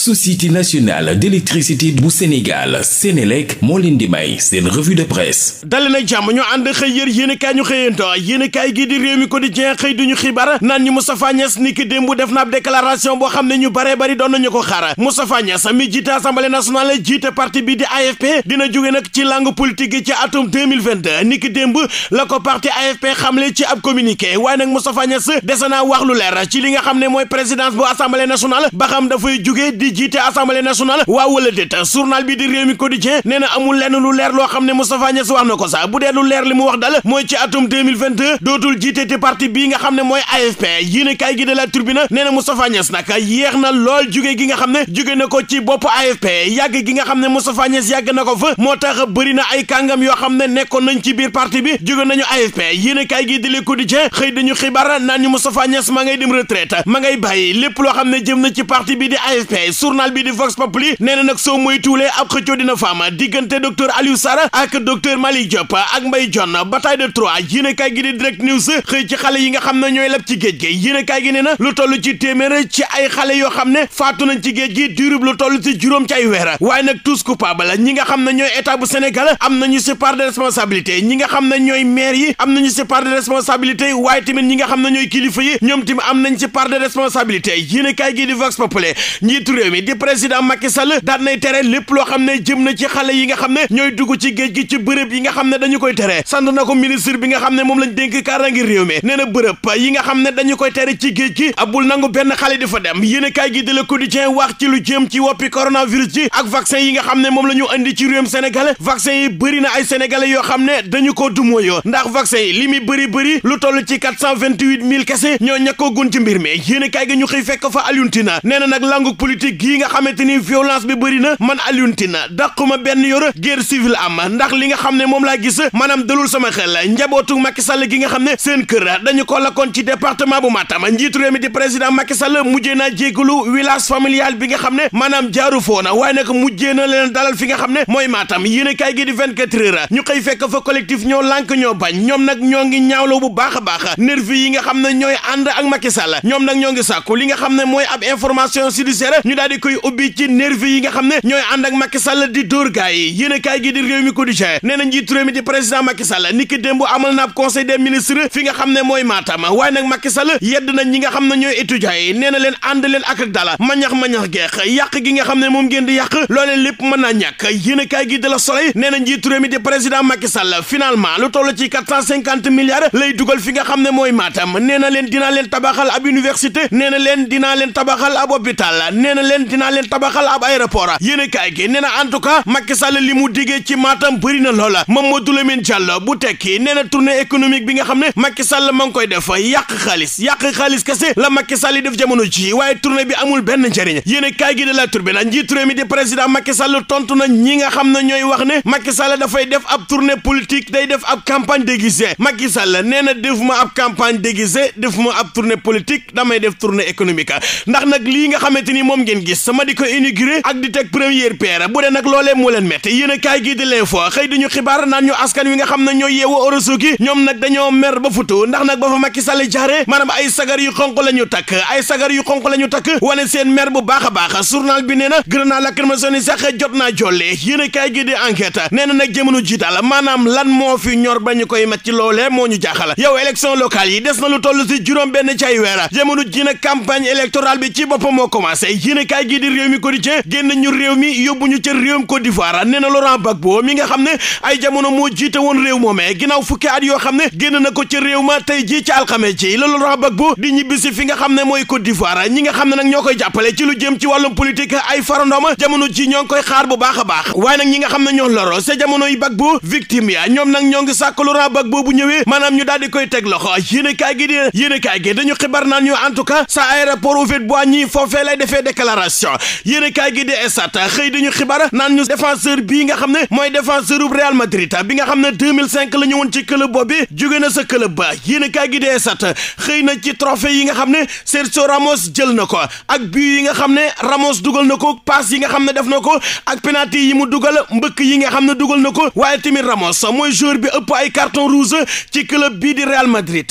société nationale d'électricité bu Sénégal Sénélec moo leen di may seen revue de presse dali jàmm ñu ànd xëy yër yéenekaay ñu xëyanto yéenekaay gi di réew mi quotidien xëy duñu xibaar naan ñu Moustapha Niass ni démb def na ab déclaration boo xam ne ñu baree bari doon nañu ko xaar Moustapha Niass mi jiite assemblée nationale jiite parti bi di AFP dina jóge nag ci langue politique gi ci atum 2022 ni ki démb la ko parti AFP xamle ci ab communiqué waaye nag Moustapha Niass wax lu leer ci li nga xam ne mooy présidence bu assemblée nationale ba xam di jiite assemblée nationale waa wala déet journal bi di réew mi quotidien nee na amul lenn lu leerloo xam ne Moustapha Niass wax na ko sax bu dee lu leer li mu wax dal mooy ci atum 2022 dootul jiite te parti bii nga xam ne mooy AFP yéene kaay gi de la tribune nee na Moustapha Niass nag yéex na lool jóge gi nga xam ne jóge na ko ci bopp AFP yàgg gi nga xam ne Moustapha Niass yàgg na ko fa moo tax bëri na ay kàngam yoo xam ne nekkoon nañ ci biir parti bi jóge nañu AFP yéene kaay gi di le quotidien xëy dañu xibaar naan ñu Moustapha Niass ma ngay dem retraite ma ngay bàyyi lépp loo xam ne jëm na ci parti bi di AFP journal bi di Vox Populi nee na nag soo moytuwulee ab xëccoo dina faama diggante docteur Aliou Sarr ak docteur Malick Diop ak Mbaye Dione bataille de Troie yéenekaay gi di Direct News xëy ci xale yi nga xam ne ñooy lab ci géej gi yéenekaay gi nee na lu toll ci téeméer ci ay xale yoo xam ne faatu nañ ci géej gi durub lu toll ci juróom ci ay weer waaye nag tous coupable ñi nga xam ne ñooy état bu Sénégal am nañu si part de responsabilité ñi nga xam ne ñooy maire yi am nañu si part de responsabilité waaye tamit ñi nga xam ne ñooy kilifa yi ñoom tamit am nañ si part de responsabilité yéenekaay gi di Vox Populi njiitu réew réew mi di président Macky Sall daan nay tere lépp loo xam ne jëm na ci xale yi nga xam ne ñooy dugg ci géej gi ci bërëb yi nga xam ne dañu koy tere sant na ko ministre bi nga xam ne moom lañ dénk kaaraange réew me nee na bërëb yi nga xam ne dañu koy tere ci géej gi abul nangu benn xale di fa dem yéen a kaay gi di Le Quotidien wax ci lu jëm ci woppi coronavirus ji ak vaccin yi nga xam ne moom la ñu andi ci réewum Sénégal vaccin yi bëri na ay sénégalais yoo xam ne dañu ko dumoyoo ndax vaccin yi li muy bëri bëri lu toll ci quatre cent vingt huit mille kese ñoo ñàkkoogun ci mbir mi yéen a kaay gi ñu xëy fekk fa Alioune Tine na nag langu politique gii nga xamante ni violence bi bëri na man Alioune Tine dàquma benn yor guerre civile am ndax li nga xam ne moom laa gis maanaam dalul sama xel njabootu Macky Sall gi nga xam ne seen kër raa dañu ko lakkoon ci département bu Matam njiitu réew mi di président Macky Sall mujjee naa jégalu village familial bi nga xam ne maanaam jaaru foona waaye nag mujjee na leen dalal fi nga xam ne mooy maatam yéen kaay gi di 24 heures ñu xëy fekk fa collectif ñoo lànk ñoo bañ nag ñoo ngi ñaawlo bu baax a baax nervi yi nga xam ne ñooy ànd ak Macky Sall ñoom nag ñoo ngi sàkku li nga xam ne mooy ab information judiciaire daal di koy ubbi ci nervi yi nga xam ne ñooy ànd ak Macky Sall di dóor gaay yi yéen a gi di réew mi quotidien nee na njiitu di président Macky Sall ni ki démb amal na ab conseil des fi nga xam ne mooy Matam waaye nag Macky Sall yedd na ñi nga xam ne ñooy étudiants yi di yàq loolee a kaay gi de la Soleil nee na njiitu réew lu toll ci quatre cent cinquante milliards lay dugal fi nga xam ne mooy Matam nee na leen dinaa leen tabaxal ab université nee na leen dinaa leen tabaxal ab hôpital nee na leen dinaa leen tabaxal ab aéroport yéen a kaay gi nee na en tout cas Macky Sall li mu diggee ci Matam bëri na loola Mamadou Lamine Diallo bu tekki nee na tournée économique bi nga xam ne Macky Sall ma ngi koy def yàq xaalis yàq xaalis kese la Macky Sall yi def jamono ji waaye tournée bi amul benn njëriñ yéen a kaay gi de la turbi na njiitu réew mi di président Macky Sall tontu na ñi nga xam ne ñooy wax ne Macky Sall dafay def ab tournée politique day def ab campagne déguisée Macky Sall nee na defuma ab campagne déguisée defuma ab tournée politique damay def tournée économique ndax nag lii moom ngeen gis sama di ko inauguré ak di teg première pierre bu dee nag loolee moo leen métti yéen a kaay gii di l'info xëy ñu xibaar naa ñu askan wi nga xam na ñooy yeewu Ourossogui ñoom nag dañoo mer ba futu ndax nag ba fa Macky Sall jaare maanaam ay sagar yu xonq la ñu takk ay sagar yu xonq la ñu takk wane seen mer bu baax a baax journal bi nee na grenade lacrymogène yi sax jot naa jolle yéen a kaay gii di enquête nee na nag jamono ji daal maanaam lan moo fi ñor bañ koy met ci loolee moo ñu jaaxal yow élection locale yi des na lu toll si juróom benn ci ay weer ji nag campagne électorale bi ci boppam moo commencé kaay gii di réew mi quotidien génn ñu réew mi yóbbu ñu ca réewum Côte d'Ivoire nee na Laurent Gbagbo mi nga xam ne ay jamono moo jiite woon réew moomee ginnaaw fukki at xam ne génn ko ca réew ma tey ji ci alxames ji la Laurent Gbagbo di ñibbisi fi nga xam ne mooy Côte d'Ivoire ñi nga xam ne nag ñoo koy jàppale ci lu jëm ci wàllum politique ay farandooma jamono ji ñoo ngi koy xaar bu baax a baax waaye nag ñi nga xam ne ñoo loro sa jamono yi Gbagbo victime di koy teg loxo yéene déclaration yéen a kaay gi di esat xëy dañu xibaar naan ñu défenseur bii nga xam ne mooy défenseur bu Real Madrid bi nga xam ne 2005 la ci club boobu jóge na sa club ba yéen a kaay gi di esat xëy na ci trophée yi nga xam ne Sergio Ramos jël na ko ak but yi nga xam ne Ramos dugal na ko passe yi nga xam ne def na ko ak penalty yi mu dugal mbëkk yi nga xam ne dugal na ko waaye tamit Ramos mooy joueur bi ëpp ay carton rouge ci club bii di Real Madrid